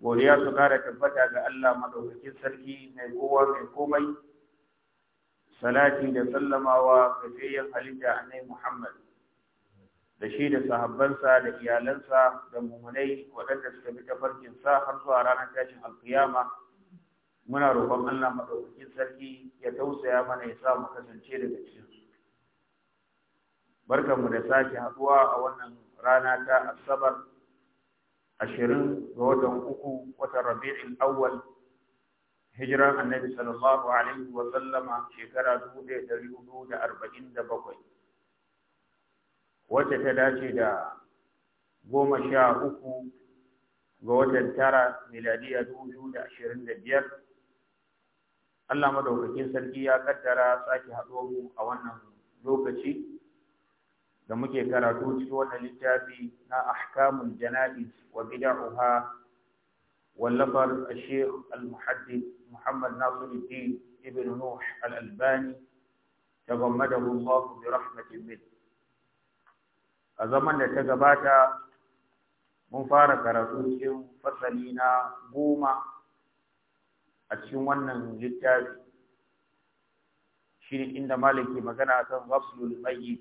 godiya su kara tabbata ga Allah madaukakin sarki mai kowa mai komai salati da sallamawa ga fayyan halitta annabi Muhammad da shi da sahabbansa da iyalansa da mumunai waɗanda suka bi tafarkin sa har zuwa ranar tashin alkiyama muna roƙon Allah madaukakin sarki ya tausaya mana ya sa mu kasance daga cikin su barkanmu da sake haɗuwa a wannan rana ta asabar ashirin ga watan uku watan rabi'in awwal hijiran annabi sallallahu alaihi wa sallama shekara dubu ɗaya ɗari hudu da arba'in da bakwai wacce ta dace da goma sha uku ga watan tara miladiya dubu biyu da ashirin da biyar Allah madaukakin sarki ya kaddara sake haɗo mu a wannan lokaci da muke karatu cikin wannan littafi na ahkamul jana'iz wa bid'uha wallafar al-sheikh al-muhaddith Muhammad Nasiruddin ibn Nuh al-Albani tagammadahu Allah bi rahmatin min a zaman da ta gabata mun fara karatu cikin fasali na goma a cikin wannan littafi shi inda maliki magana kan ghaflul mayyit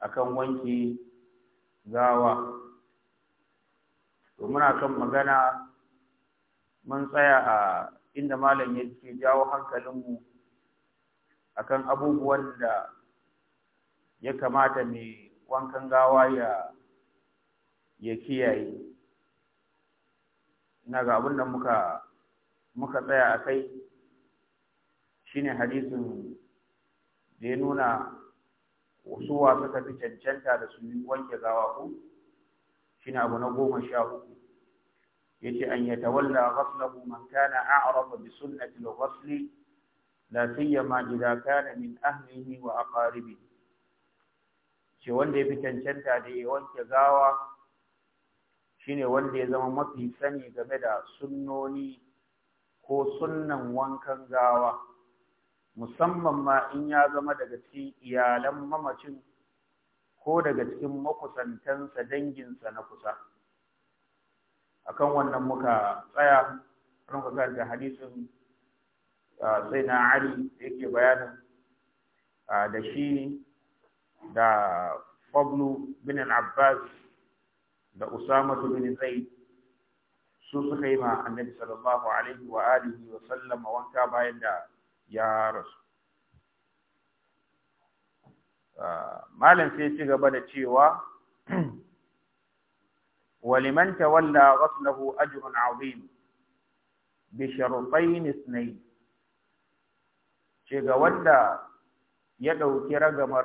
akan wanke gawa to muna kan magana mun tsaya a inda malam ya jawo jawo hankalinmu akan abubuwan da ya kamata mai wankan gawa ya ya kiyaye ina ga abin da muka muka tsaya a kai shine hadisin da ya nuna Wasu wa suka fi cancanta da su wanke gawa ko na abu na goma sha uku yace an yatawalla ghaslahu man kana a'rafa bi sunnati al-ghasl la siyama idza kana min ahlihi wa aqaribihi ce wanda ya fi cancanta da ya wanke gawa shine wanda ya zama mafi sani game da sunnoni ko sunnan wankan gawa musamman ma in ya zama daga cikin iyalan mamacin ko daga cikin makusantansa danginsa na kusa akan wannan muka tsaya muka ga da hadisin sai na Ali yake bayanin da shi da Fablu bin Abbas da Usama bin Zaid su suka yi ma Annabi sallallahu alaihi wa alihi wa sallama wanka bayan da ya rasu ah, malam sai ci gaba da cewa ولمن ajrun azim bi عظيم بشرطين ne. ga wanda ya ɗauki ragamar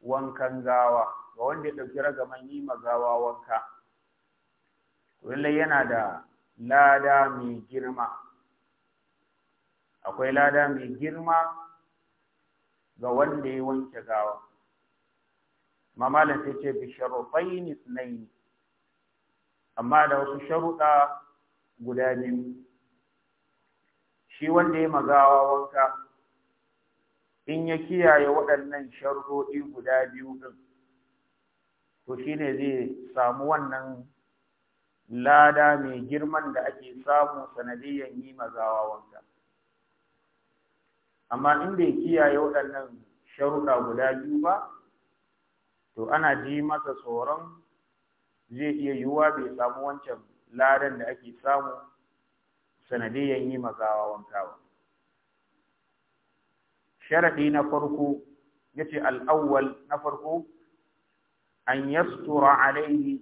wankan gawa ga wanda ya ɗauki ragamar yi gawa wanka lallai yana da lada mai girma akwai lada mai girma ga wanda ya wanke gawa mamalan sai ce bisharufaini tsinaini amma da wasu sharuɗa guda biyu shi wanda ya magawa wanka in ya kiyaye waɗannan sharuɗi guda biyu ɗin to shi ne zai samu wannan lada mai girman da ake samu sanadiyyar yi magawa wanka amma in bai kiyaye waɗannan sharuɗa guda biyu ba to ana ji masa tsoron zai iya yiwuwa bai samu wancan ladan da ake samu sanadiyyan yi magawa wanka ba sharaɗi na farko ce al'awwal na farko an yastura alaihi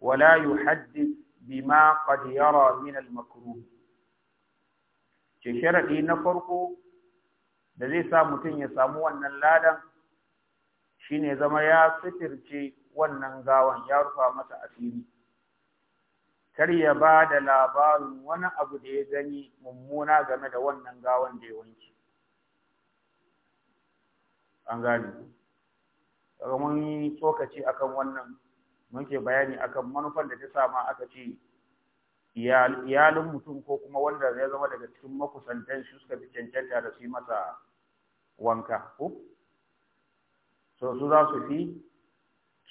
wala yuhaddith bima qad yara min al-makruh ce sharaɗi na farko da zai sa mutum ya samu wannan ladan shine zama ya sitirce wannan gawan ya rufa masa asiri kar ya ba da labarin wani abu da ya gani mummuna game da wannan gawan da ya wanke an gane kaga mun yi tsokaci akan wannan muke bayani akan manufar da ta sama aka ce iyalin mutum ko kuma wanda ya zama daga cikin makusantan shi suka fi cancanta da su masa wanka ko so su za su fi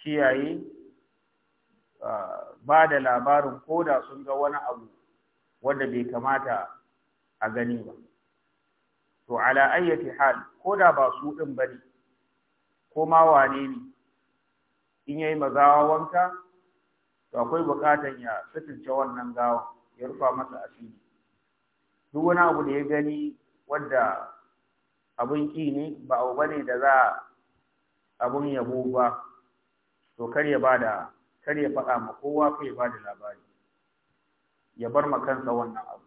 kiyaye ba da labarin ko da sun ga wani abu wanda bai kamata a gani ba to ala ayyati hal ko da ba su din bane ko ma wane ne in yayi mazawa wanka to akwai bukatan ya sutunce wannan gawa ya rufa masa asiri duk wani abu da ya gani wanda abun ki ne ba abu bane da za abun yabo ba to kar ya bada kar ya faɗa ma kowa kai ya bada labari ya bar ma kansa wannan abu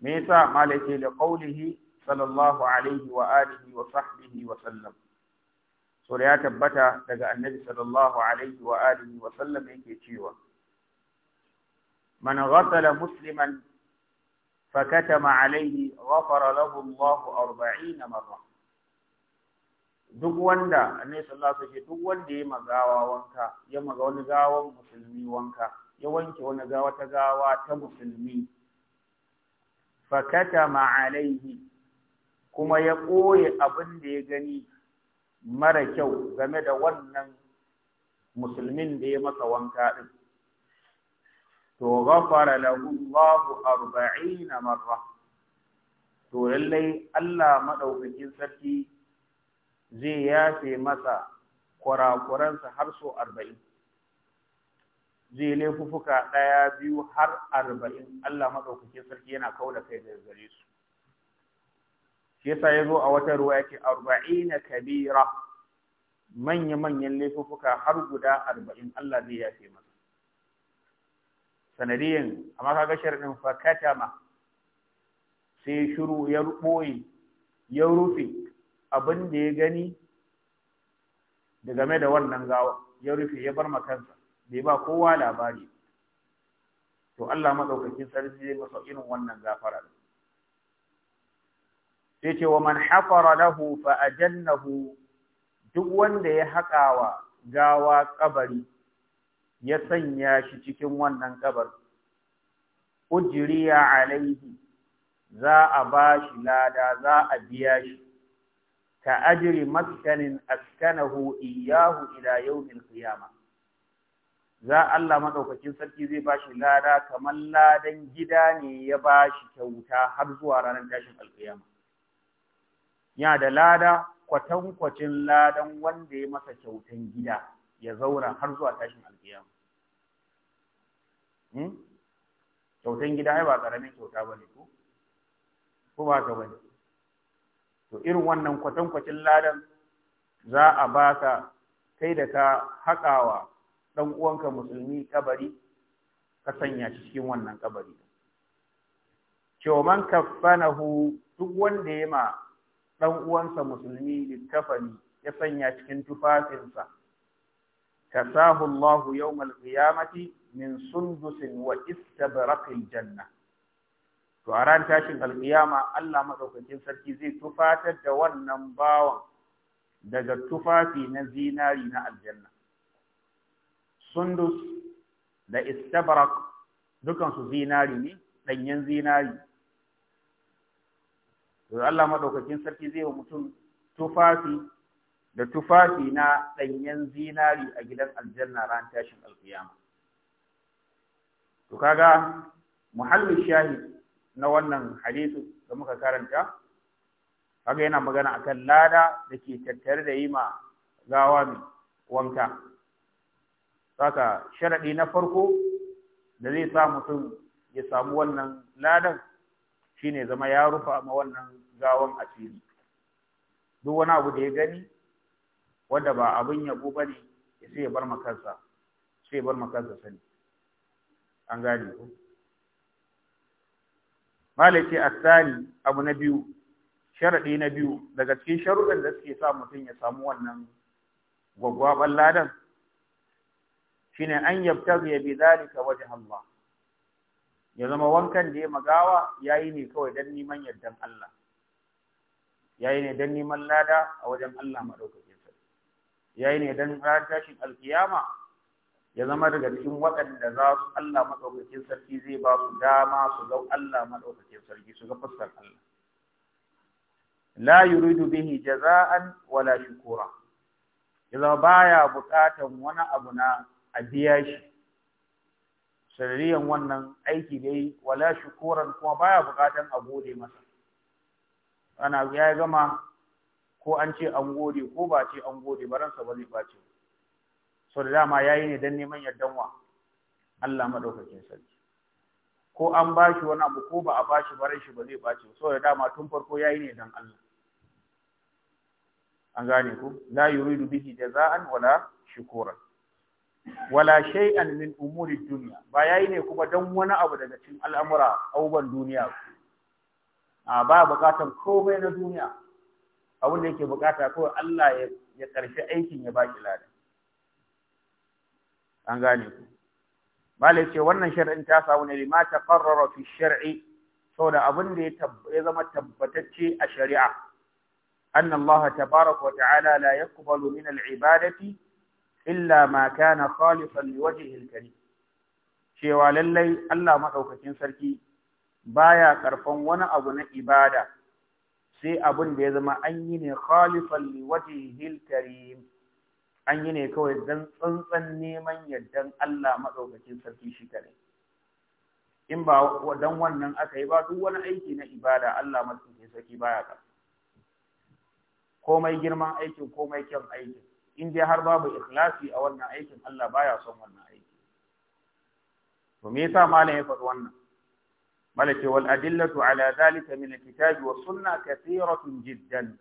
me yasa malaka da qaulihi sallallahu alaihi wa alihi wa sahbihi wa sallam to da ya tabbata daga annabi sallallahu alaihi wa alihi wa sallam yake cewa man ghatala musliman katama alaihi ghafara lahu Allahu 40 marra duk wanda annabi sallallahu alaihi duk wanda ya magawa wanka ya maga wani gawan musulmi wanka ya wanke wani gawa ta gawa ta musulmi katama alaihi kuma ya koye abin da ya gani mara kyau game da wannan musulmin da ya masa wanka din to ghafara lahu Allahu 40 marra to lallai Allah maɗaukakin sarki zai yafe masa kurakuransa har so arba'in. zai laifuka ɗaya biyu har arba'in Allah maɗaukakin sarki yana kaula kai da gare su shi yasa ya zo a wata ruwa yake arba'ina kabira manya-manyan laifuka har guda arba'in Allah zai yafe masa sanadiyan amma ka ɗin sharadin fakatama sai shiru ya boye ya rufe abin da ya gani da game da wannan gawa ya rufe ya bar makansa bai ba kowa labari to Allah madaukakin sarki zai masa irin wannan gafara yace wa man hafara lahu fa ajannahu duk wanda ya wa gawa kabari ya sanya shi cikin wannan kabar ujriya alaihi za a bashi lada za a biya shi ka ajri maskanin askanahu iyahu ila yawmil qiyamah za Allah maɗaukacin sarki zai bashi lada kamar ladan gida ne ya ba shi kyauta har zuwa ranar tashin alƙiyama. ya da lada kwatankwacin ladan wanda ya masa kyautan gida ya zauna har zuwa tashin alkiyama hmm? kyautan gida ai ba karamin kyauta ba ko ko ba ka bane to irin wannan kwatankwacin ladan za a ba ka kai da ka haƙawa ɗan uwanka musulmi kabari ka sanya shi cikin wannan kabari cewa man duk wanda ya ma ɗan uwansa musulmi littafani ya sanya cikin tufafinsa sahu Allahu yawmal qiyamati min sundusin wa istabraqil janna to a ran tashin alƙiyama Allah maɗaukakin sarki zai tufatar da wannan bawan daga tufafi na zinari na aljanna sundus da istabrak dukansu zinari ne ɗanyen zinari to Allah madaukakin sarki zai wa mutum tufafi da tufafi na ɗanyen zinari a gidan aljanna ran tashin alkiyama to kaga muhallin shahid na wannan hadisi da muka karanta kaga yana magana akan lada da ke tattare da yi ma gawa mai wanka saka sharaɗi na farko da zai sa mutum ya samu wannan ladan shine zama ya rufa ma wannan gawan asiri duk wani abu da ya gani wanda ba abin yabo bane sai ya bar makansa sai ya bar makansa sani an gane ku malaki asali abu na biyu sharadi na biyu daga cikin sharuɗan da suke sa mutum ya samu wannan gwaggwaban ladan shine an yabtaghi bi dhalika wajh Allah ya zama wankan da ya magawa ya yi ne kawai don neman yardan Allah ya yi ne don neman lada a wajen Allah maɗaukakin sarki ya yi ne don ran tashin alkiyama ya zama daga cikin waɗanda za su Allah maɗaukakin sarki zai ba su dama su ga Allah maɗaukakin sarki su ga fuskar Allah la yuridu bihi jaza'an wala shukura ya zama baya buƙatan wani abu na a biya shi sanadiyan wannan aiki da yi wala shukuran kuma baya bukatan a gode masa ana ya gama ko an ce an gode ko ba ce an gode ba ransa ba zai bace so da dama yayi ne dan neman yardan wa Allah madaukakin sarki ko an bashi wani abu ko ba a bashi ba shi ba zai bace so da dama tun farko yayi ne dan Allah an gane ku la yuridu bihi jaza'an wala shukuran wala shay'an min umuri dunya ba yayi ne kuma dan wani abu daga cikin al'amura auban duniya a ba bukatan komai na duniya abin da yake bukata kawai Allah ya ya karshe aikin ya baki lada an gane ku malai ce wannan shar'in ta samu ne lima taqarrara fi shar'i saboda abin da ya zama tabbatacce a shari'a anna Allah tabaraka wa ta'ala la yaqbalu min al-ibadati illa ma kana khalifan liwajhil karim cewa lallai Allah madaukakin sarki baya karfan wani abu na ibada sai abin da ya zama an yi ne khalifan liwajhil karim an yi ne kawai dan tsantsan neman yaddan Allah madaukakin sarki shi kare in ba dan wannan aka yi ba duk wani aiki na ibada Allah madaukakin sarki baya karfa komai girman aikin komai kyan aikin in dai har babu ikhlasi a wannan aikin Allah baya son wannan aiki to me yasa malam ya faɗi wannan malaka wal adillatu ala zalika min alkitabi wa sunna kathiratun jiddan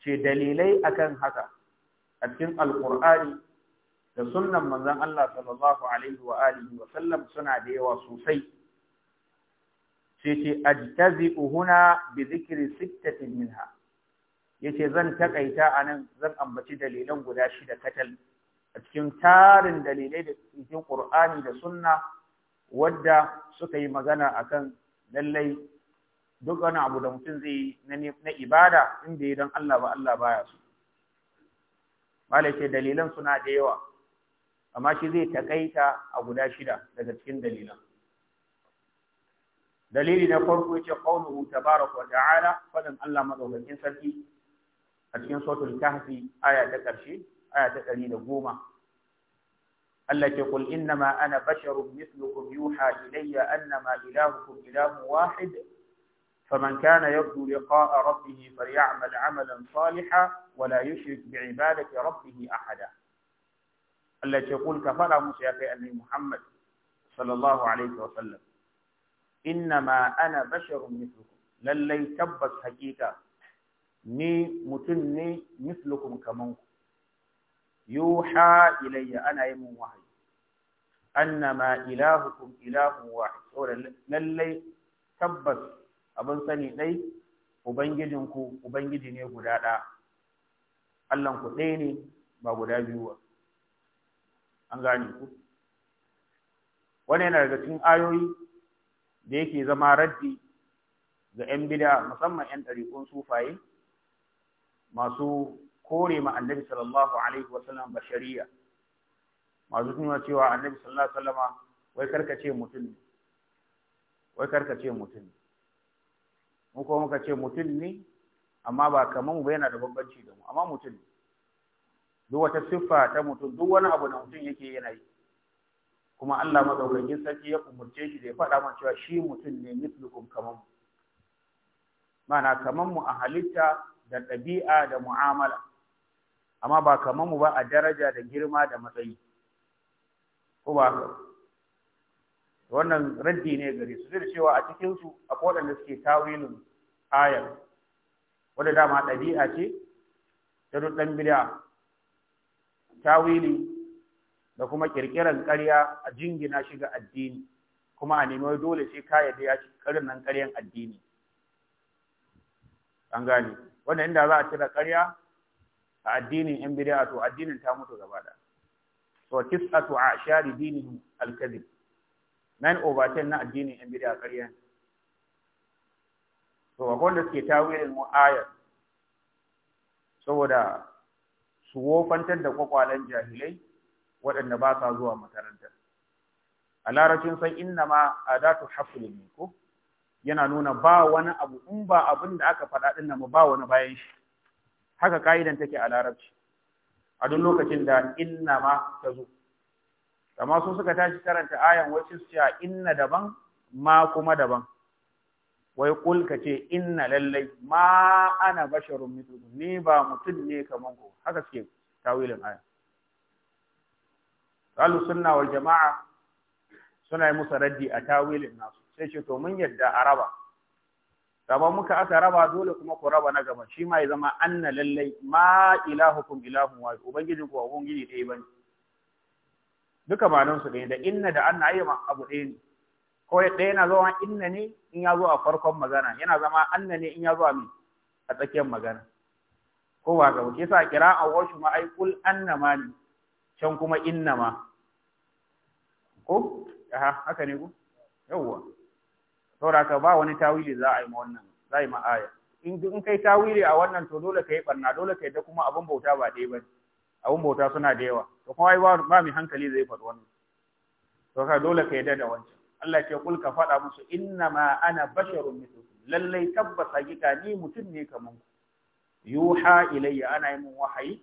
ce dalilai akan haka a cikin alqur'ani da sunnan manzon Allah sallallahu alaihi wa alihi wa sallam suna da yawa sosai sai ce ajtazi huna bi dhikri sittatin minha yace zan takaita anan zan ambaci dalilan guda shida katal a cikin tarin dalilai da cikin Qur'ani da Sunna wadda suka yi magana akan lallai duk wani abu da mutum zai yi na ibada inda bai dan Allah ba Allah baya su malai dalilan suna da yawa amma shi zai takaita a guda shida daga cikin dalilan dalili na farko yace qawluhu tabaraka wa ta'ala fadan Allah madaukakin sarki a cikin الكهف kahfi aya ta ƙarshe aya ta ɗari da goma Allah ke kul innama ana basharun mislukum yuha ilayya annama ilahukum ilahun wahid فمن كان يرجو لقاء ربه فليعمل عملا صالحا ولا يشرك بعبادة ربه أحدا التي يقول كفر موسى أن محمد صلى الله عليه وسلم إنما أنا بشر مثلكم للي تبت حقيقة ni mutum ne mislukum kaman ku yuha ilayya ana yi mun wahayi annama ilahukum ilahun wahid saboda lallai tabbas abin sani dai ubangijinku ubangiji ne guda ɗaya Allahn ku ɗaya ne ba guda biyu ba an gane ku wani yana daga cikin ayoyi da yake zama raddi ga 'yan bida musamman 'yan ɗariƙun sufaye masu kore ma annabi sallallahu alaihi wasallam shari'a masu nuna cewa annabi sallallahu alaihi wasallama wai karkace mutum ne wai karkace mutum ne mu kuma muka ce mutum ne amma ba kaman mu ba yana da bambanci da mu amma mutum ne duk wata siffa ta mutum duk wani abu da mutum yake yana yi kuma Allah madaukakin sarki ya umurce shi da ya faɗa mana cewa shi mutum ne mislukum kaman mu ma'ana kaman mu a halitta da ɗabi'a da mu'amala amma ba kamar mu ba a daraja da girma da matsayi ko ba wannan raddi ne gare su zai cewa a cikin su a waɗanda suke tawilin ayar wanda dama ɗabi'a ce ta ɗan bid'a tawili da kuma ƙirƙiran ƙarya a jingina shi ga addini kuma a nemi dole sai ka yadda ya ci karin nan ƙaryan addini an gane wannan inda za a cire ƙarya a addinin yan bid'a to addinin ta mutu gaba da so kisatu a dinihim al-kadhib nan over na addinin yan bid'a ƙarya to akwai wanda suke tawilin mu'ayar saboda su wofantar da kwakwalen jahilai waɗanda ba sa zuwa makarantar. a larabcin san inna ma adatu haflin ko yana nuna ba wani abu in ba abin da aka faɗa ɗin nan ba wani bayan shi haka ka'idan take a larabci a duk lokacin da inna ma ta zo amma su suka tashi karanta ayan wacce su cewa inna daban ma kuma daban wai kul ka ce inna lallai ma ana basharun mutum ni ba mutum ne kaman ku haka suke tawilin ayan sunna wal jama'a suna yi musu raddi a tawilin nasu sai ce to mun yadda a raba raba muka aka raba dole kuma ku raba na gaba shi ma ya zama anna lallai ma ilahukum ilahun wa ubangijin ku ubangiji ɗaya bane duka malan su ɗaya da inna da anna ayi abu ɗaya ne ko ɗaya yana zama inna ne in ya zo a farkon magana yana zama anna ne in ya zo a mi a tsakiyar magana ko wa ga wuce sa kira a washu ma ai kul anna ma ne can kuma inna ma ko aha haka ne ko yawwa saboda ba wani tawili za a yi ma wannan za a yi ma in kai tawili a wannan to dole ka yi barna dole ka da kuma abin bauta ba ɗaya ba abin bauta suna da yawa to kuma ba mai hankali zai faɗi wannan to ka dole ka yi da wancan Allah ce kul ka faɗa musu inna ma ana basharun mithlukum lallai tabbas hakika ni mutum ne kaman ku yuha ilayya ana yi mun wahayi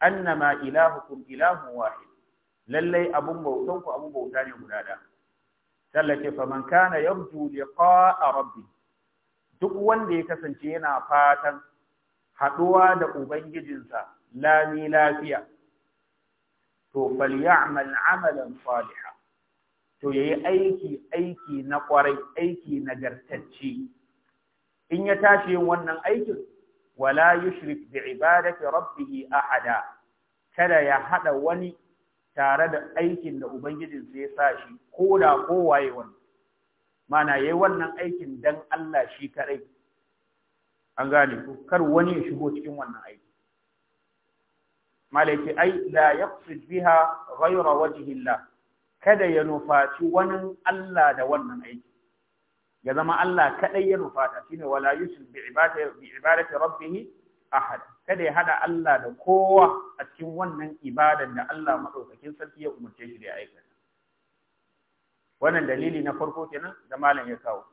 annama ilahukum ilahun wahid lallai abun bautan ku abun bauta ne guda ɗaya tallace faman kana yarju liqa'a rabbi duk wanda ya kasance yana fatan haduwa da ubangijinsa lami lafiya to falyamal amalan salihan to yayi aiki aiki na kwarai aiki na gartacce in ya tashi yin wannan aikin wala yushrik bi ibadati a ahada kada ya hada wani tare da aikin da ubangijin zai sa shi ko da waye wani mana yayi wannan aikin dan Allah shi kadai an gane ko kar wani ya shigo cikin wannan aiki malaki ai la yaqsid biha ghayra wajhi Allah kada ya nufaci wani Allah da wannan aiki ya zama Allah kaɗai ya nufata shine wala yushrik bi ibadati bi ibadati rabbih ahad kada ya hada Allah da kowa a cikin wannan ibadar da Allah madaukakin sarki ya umarce shi da ya aikata wannan dalili na farko kenan da malam ya kawo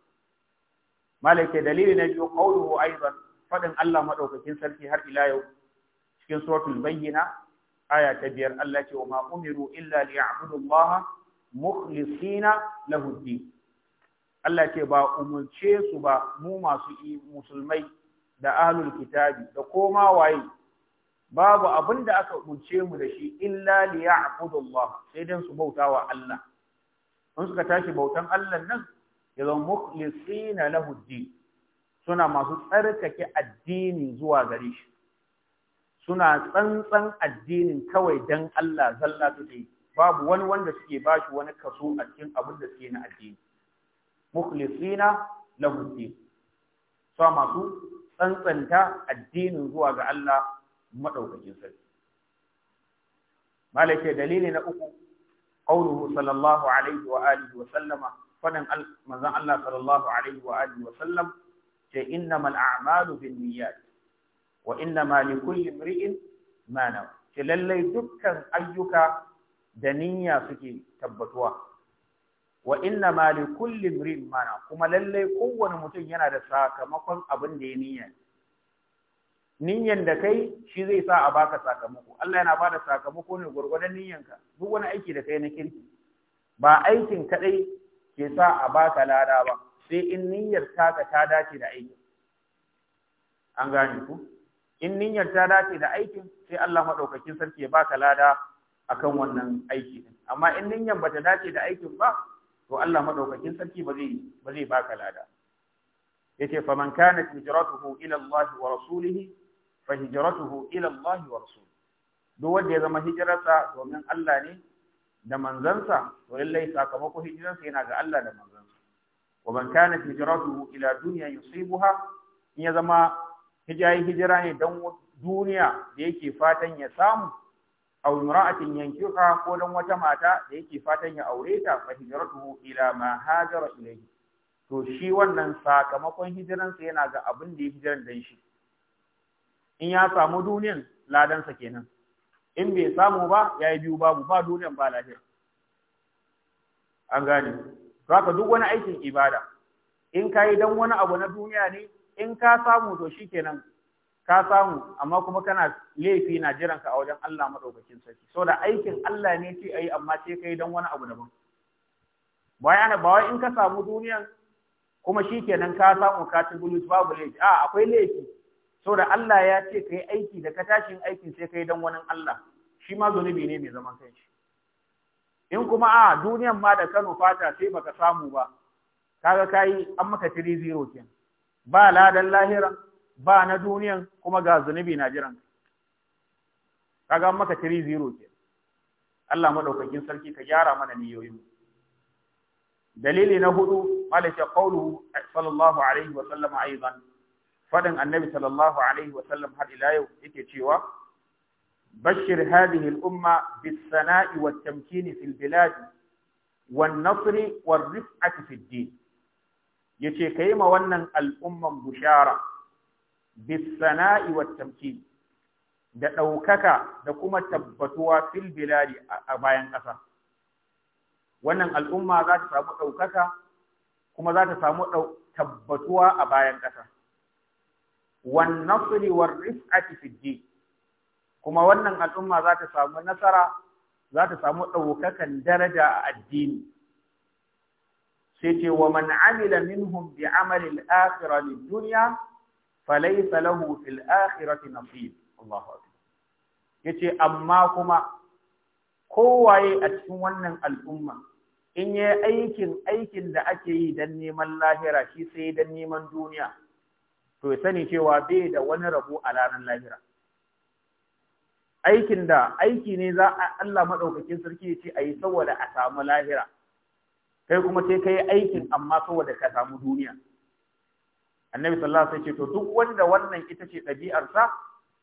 malam ke dalili na biyu qawluhu aidan fadin Allah madaukakin sarki har ila yau cikin suratul bayyina aya ta biyar Allah ce wa ma umiru illa liya'budu Allah mukhlisina lahu din Allah ce ba umurce su ba mu masu musulmai da ahlul kitabi da koma waye babu abin da aka umarce mu da shi illa li ya'budu Allah sai dan su bautawa Allah in suka tashi bautan Allah nan ya zama mukhlisina lahu din suna masu tsarkake addini zuwa gare shi suna tsantsan addinin kawai dan Allah zalla take babu wani wanda suke bashi wani kaso a cikin abin da suke na addini mukhlisina lahu din masu tsantsanta addinin zuwa ga Allah madaukakin sarki malaka dalili na uku qauluhu sallallahu alaihi wa alihi wa sallama Allah sallallahu alaihi wa alihi wa sallam ce innamal a'malu binniyat wa innama likulli imri'in ma nawa ce lallai dukkan ayyuka da niyya suke tabbatuwa wa inna ma li kulli imrin mana kuma lalle kowane mutum yana da sakamakon abin da ya niyya niyyan da kai shi zai sa a baka sakamako Allah yana bada sakamako ne gurgurdan niyyanka duk wani aiki da kai na kirki ba aikin kadai ke sa a baka lada ba sai in niyyar taka ta dace da aikin an gane ku in niyyar ta dace da aikin sai Allah madaukakin sarki ya baka lada akan wannan aiki amma in niyyar bata dace da aikin ba to Allah madaukakin sarki ba zai ba zai baka lada yace man kanat hijratuhu ila Allah wa rasulihi fa hijratuhu ila Allah wa rasulihi duk wanda ya zama hijirarsa domin Allah ne da manzansa to lallai sakamako hijirarsa yana ga Allah da manzansa wa man kanat hijratuhu ila dunya yusibuha in ya zama hijayi hijira ne dan duniya da yake fatan ya samu aw imra'atin yankiha ko dan wata mata da yake fatan ya aure ta fa hijratuhu ila ma hajara ilayhi to shi wannan sakamakon sa yana ga abin da ya hijiran dan shi in ya samu duniyan sa kenan in bai samu ba yayi biyu babu ba duniyan ba lahira an gane haka duk wani aikin ibada in kayi dan wani abu na duniya ne in ka samu to shikenan ka samu amma kuma kana laifi na jiran ka a wajen Allah madaukakin sarki saboda aikin Allah ne ce ayi amma sai kai dan wani abu daban bayan ba wai in ka samu duniyan kuma shikenan ka samu ka ci bulus babu laifi a akwai laifi saboda Allah ya ce kai aiki da ka tashi aikin sai kai dan wani Allah shi ma zunubi ne mai zaman kanshi in kuma a duniyan ma da Kano fata sai baka samu ba kaga kai an maka 3-0 kenan ba ladan lahira ba na duniyan kuma ga zunubi na jiran kaga maka 3-0 ke Allah madaukakin sarki ka gyara mana niyoyin dalili na hudu malaka qawluhu sallallahu alaihi wa sallam aidan fadin annabi sallallahu alaihi wa sallam har ila yau yake cewa bashir hadhihi al-umma bis-sana'i wat-tamkin fil bilad wan-nasr war-rif'ati fid-din yace kai ma wannan al'umman bushara bisana'i wa da ɗaukaka da kuma tabbatuwa fil biladi a bayan ƙasa wannan al'umma za ta samu ɗaukaka kuma za ta samu tabbatuwa a bayan ƙasa wan nasri war rif'ati fid kuma wannan al'umma za ta samu nasara za ta samu ɗaukakan daraja a addini sai ce wa man amila minhum bi amali al-akhirah duniya? dunya falaysa lahu fil akhirati nasib Allahu akbar yace amma kuma kowaye a cikin wannan al'umma in yayi aikin aikin da ake yi dan neman lahira shi sai dan neman duniya to ya sani cewa bai da wani rabo a ranar lahira aikin da aiki ne za a Allah madaukakin sarki ya ce ayi saboda a samu lahira kai kuma sai kai aikin amma saboda ka samu duniya annabi sallallahu alaihi wasallam ce to duk wanda wannan ita ce ɗabi'arsa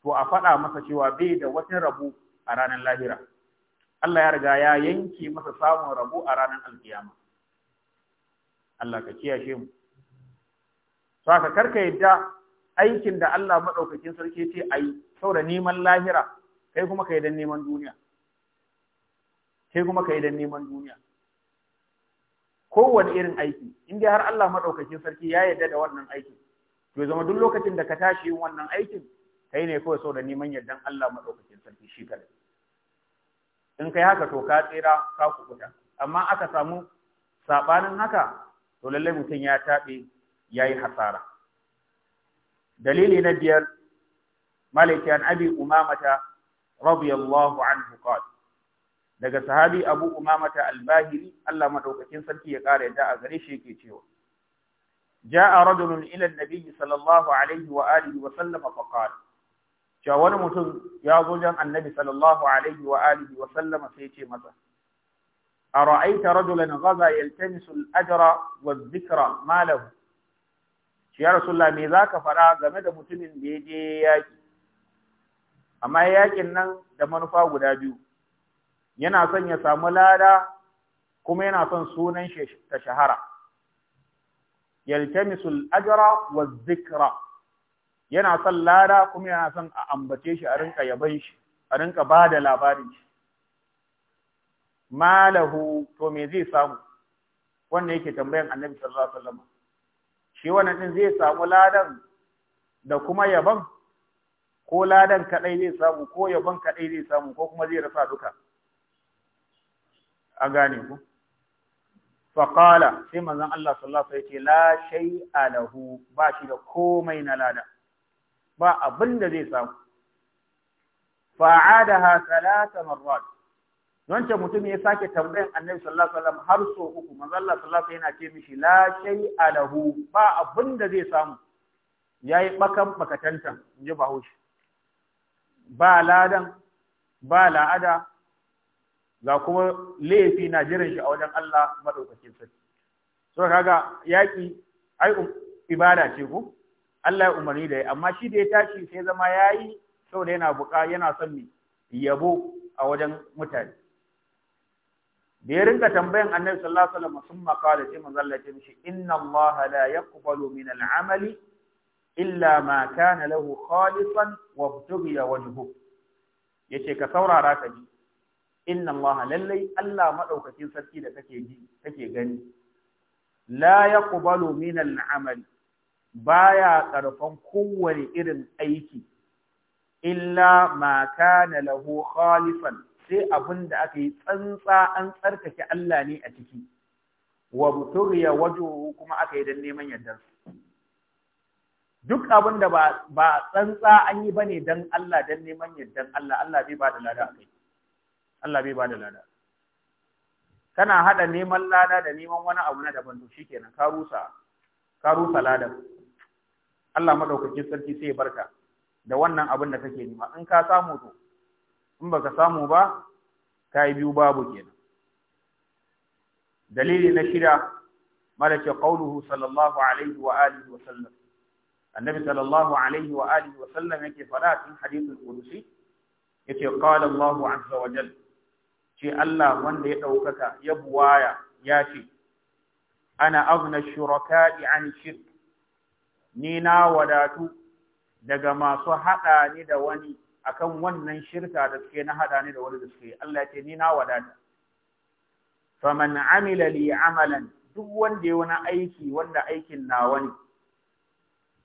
to a faɗa masa cewa bai da wata rabu a ranar lahira Allah ya riga ya yanke masa samun rabu a ranar alkiyama Allah ka kiyashe mu saka karka yadda aikin da Allah madaukakin sarki ce ayi saboda neman lahira kai kuma kai dan neman duniya kai kuma kai dan neman duniya kowane irin aiki in dai har Allah madaukakin sarki ya yarda da wannan aikin to zama duk lokacin da ka tashi yin wannan aikin kai ne kawai sau da neman yardan Allah madaukakin sarki shi kare. in kai haka to ka tsira ka kubuta amma aka samu saɓanin haka to lallai mutum ya taɓe ya yi hasara dalili na biyar Malik an abi umamata radiyallahu anhu qala daga sahabi abu umamata al-bahili Allah madaukakin sarki ya kare yadda a gare shi yake cewa ja'a rajulun ila an-nabi sallallahu alaihi wa wa sallama fa qala cewa wani mutum ya zo jan annabi sallallahu alaihi wa sallama sai ce masa ara'aita rajulan ghaza yaltamisu al-ajra wa dhikra ma lahu ya rasulullah me zaka faɗa game da mutumin da ya je yaki amma yakin nan da manufa guda biyu yana son ya samu lada kuma yana son sunan ta shahara yaltamisu al-ajra wa dhikra yana son lada kuma yana son a ambace shi a rinka yaban shi a rinka bada labarin shi malahu to me zai samu wannan yake tambayan annabi sallallahu alaihi wasallam shi wannan din zai samu ladan da kuma yaban ko ladan kadai zai samu ko yaban kadai zai samu ko kuma zai rasa duka a gane ku faƙala sai manzan Allah sallallahu ya ce la shai alahu ba shi da komai na lada ba abin da zai samu fa'adaha salata don wancan mutum ya sake tambayan annabi sallallahu alaihi wasallam har so uku manzo Allah sallallahu alaihi yana ce mishi la shay'a lahu ba abin da zai samu Ya yayi bakan bakatanta inji bahaushe ba ladan ba la'ada ga kuma laifi na jiran shi a wajen Allah madaukakin sarki so kaga yaki ai um, ibada ce ko Allah ya umarni da yi amma shi da ya tashi sai zama yayi saboda yana buka yana son mi yabo a wajen mutane da ya rinka tambayan annabi sallallahu alaihi wasallam sun makala ce manzo Allah ya mishi inna Allah la yaqbalu min al-amali illa ma kana lahu khalisan wa btughiya wajhu yace ka saurara ka ji inna Allah lallai Allah madaukakin sarki da kake ji kake gani la yaqbalu min al-amal baya karfan kowane irin aiki illa ma kana lahu khalifan sai abun da aka yi tsantsa an tsarkake Allah ne a ciki wa butughiya wajhu kuma aka yi dan neman yardarsa duk abunda ba ba tsantsa an yi ba ne don Allah don neman yardan Allah, Allah bai ba da lada a kai. Allah bai bada lada kana hada neman lada da neman wani abu na daban to shikenan ka rusa ka rusa lada Allah madaukakin sarki sai ya barka da wannan abin da kake nema in ka samu to in baka samu ba kai biyu babu kenan dalili na shida malaka qauluhu sallallahu alaihi wa alihi wa sallam annabi sallallahu alaihi wa alihi wa sallam yake fara cikin hadithul qudsi yake qala Allah azza wa jalla ce Allah wanda ya ɗaukaka ya buwaya ya ce, Ana abna shuraka'i an shirk, ni na wadatu daga masu haɗa ni da wani akan wannan shirka da suke na haɗa ni da wani da suke, Allah ce ni na wadata. Faman amila li amalan duk wanda ya wani aiki wanda aikin na wani,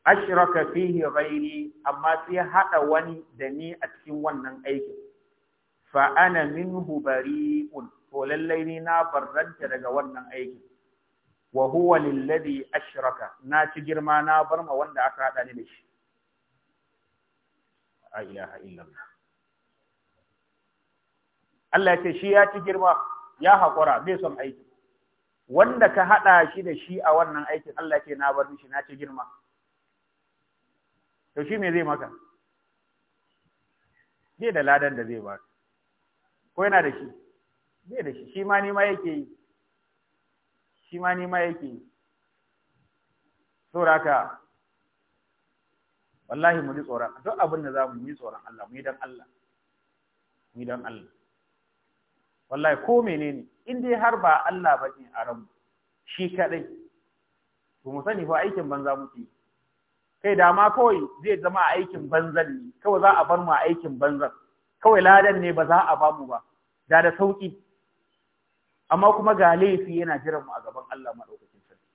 ashraka fihi ghairi amma sai haɗa wani da ni a cikin wannan aikin. fa ana minhu bari'un to lallai ni na barranta daga wannan aikin wa huwa lilladhi ashraka na ci girma na bar ma wanda aka hada ni da shi a ilaha illallah Allah ya ce shi ya ci girma ya haƙura bai son aiki wanda ka hada shi da shi a wannan aikin Allah ya ce na bar shi na ci girma to shi me zai maka bai da ladan da zai baka ko yana da shi bai da shi shi ma nima yake yi shi ma nima yake yi saboda wallahi mu ji tsoron duk abin da za mu yi tsoron Allah mu yi don Allah mu yi don Allah wallahi ko menene in dai har ba Allah ba ne a ranmu shi kadai to mu sani fa aikin banza muke kai da ma kawai zai zama aikin banzan ne kawai za a bar mu aikin banzan kawai ladan ne ba za a ba mu ba da da sauki amma kuma ga laifi yana jiran mu a gaban Allah madaukakin sarki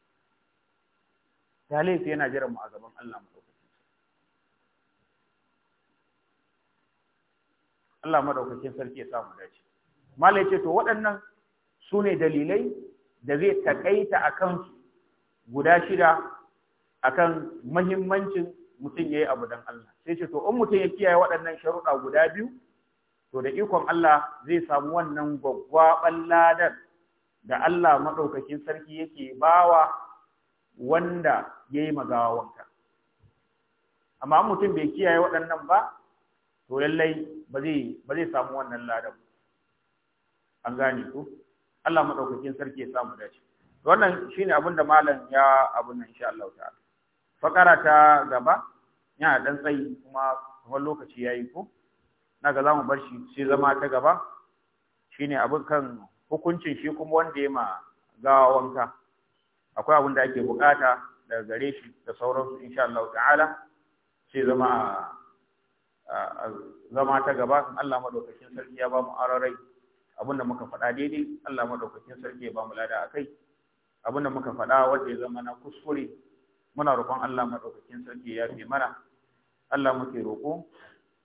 ga laifi yana jiran mu a gaban Allah madaukakin sarki Allah madaukakin sarki ya samu dace malai ce to waɗannan su ne dalilai da zai takaita a kansu guda shida akan mahimmancin mutum ya yi abu don Allah sai ce to in mutum ya kiyaye waɗannan sharuɗa guda biyu to da ikon Allah zai samu wannan gwaggwaban ladar da Allah maɗaukakin sarki yake bawa wanda ya yi magawa wanka. Amma mutum bai kiyaye waɗannan ba, to lallai ba zai samu wannan ladan An gane ku? Allah maɗaukakin sarki ya samu dace. Wannan shi ne abin da malam ya abin nan insha Allah ta'ala. Fakara ta gaba, yana ɗan tsayi kuma kuma lokaci ya yi ku. naga za mu bar shi sai zama ta gaba shine abin kan hukuncin shi kuma wanda ya ma gawa wanka akwai abin da ake bukata daga gare shi da sauransu insha Allah ta'ala sai zama zama ta gaba Allah madaukakin sarki ya ba mu ararai abinda muka faɗa daidai Allah madaukakin sarki ya ba mu lada akai abinda muka faɗa wanda ya zama na kuskure muna roƙon Allah madaukakin sarki ya fi mana Allah muke roƙo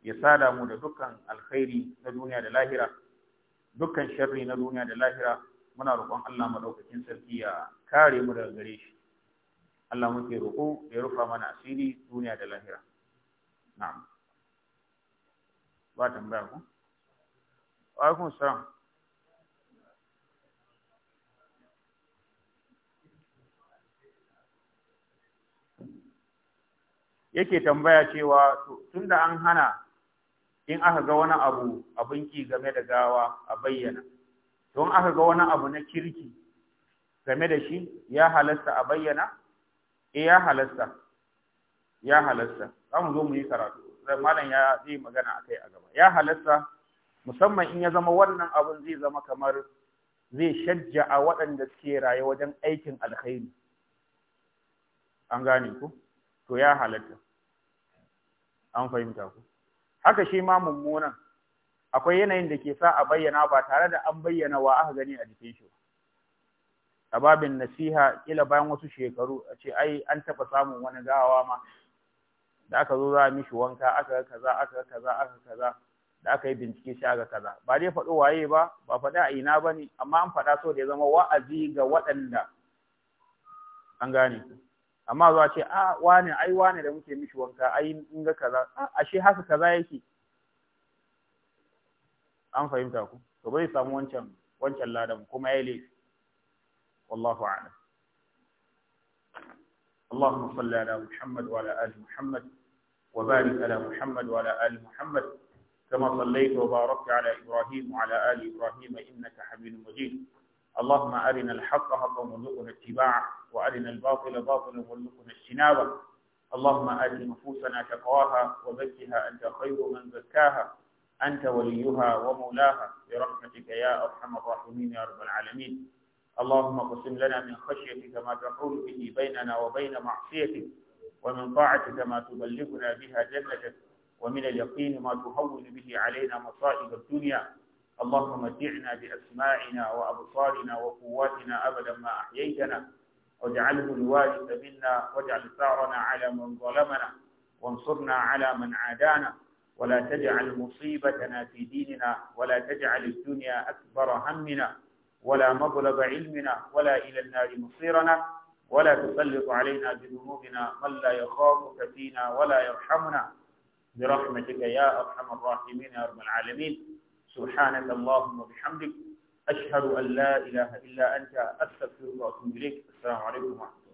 ya sada mu da dukkan alkhairi na duniya da lahira dukkan sharri na duniya da lahira muna roƙon Allah madaukakin sarki ya kare mu daga gare shi Allah muke roƙo ya rufa mana asiri duniya da lahira na'am ba tambaya ku wa alaikum salam yake tambaya cewa tunda an hana in aka ga wani abu abin ki game da gawa a bayyana don aka ga wani abu na kirki game da shi ya halasta a bayyana eh ya halasta ya halasta za mu zo mu yi karatu malam ya yi magana a kai a gaba ya halasta musamman in ya zama wannan abun zai zama kamar zai shajja a waɗanda suke raye wajen aikin alkhairi an gane ku to ya halatta an fahimta ku haka shi ma mummunan akwai yanayin da ke sa a bayyana ba tare da an bayyana wa aka gani a jikin shi ba. Sababin nasiha kila bayan wasu shekaru a ce ai an taɓa samun wani gawa ma da aka zo za a mishi wanka aka ga kaza aka ga kaza aka kaza da aka yi bincike shi aka kaza ba dai faɗo waye ba ba faɗi a ina ba ne amma an faɗa so da ya zama wa'azi ga waɗanda an gane amma zuwa ce a wane ai wane da muke mishi wanka ai in ga kaza a ashe haka kaza yake an fahimta ku to bai samu wancan wancan ladan kuma yayi laifi wallahu a'lam اللهم صل على محمد وعلى ال محمد وبارك على محمد وعلى ال محمد كما صليت وباركت على ابراهيم وعلى ال ابراهيم انك حميد مجيد اللهم ارنا الحق حقا وارزقنا اتباعه وأرنا الباطل باطلا وارزقنا اجتنابه اللهم آت نفوسنا تقواها وزكها أنت خير من زكاها أنت وليها ومولاها برحمتك يا أرحم الراحمين يا رب العالمين اللهم اقسم لنا من خشيتك ما تحول به بيننا وبين معصيتك ومن طاعتك ما تبلغنا بها جنتك ومن اليقين ما تهون به علينا مصائب الدنيا اللهم متعنا بأسماعنا وأبصارنا وقواتنا أبدا ما أحييتنا واجعله الوارث منا واجعل ثارنا على من ظلمنا وانصرنا على من عادانا ولا تجعل مصيبتنا في ديننا ولا تجعل الدنيا أكبر همنا ولا مبلغ علمنا ولا إلى النار مصيرنا ولا تسلط علينا بذنوبنا من لا يخافك فينا ولا يرحمنا برحمتك يا أرحم الراحمين يا رب العالمين سبحانك اللهم وبحمدك أشهد أن لا إله إلا أنت أستغفر الله وأتوب إليك السلام عليكم ورحمة الله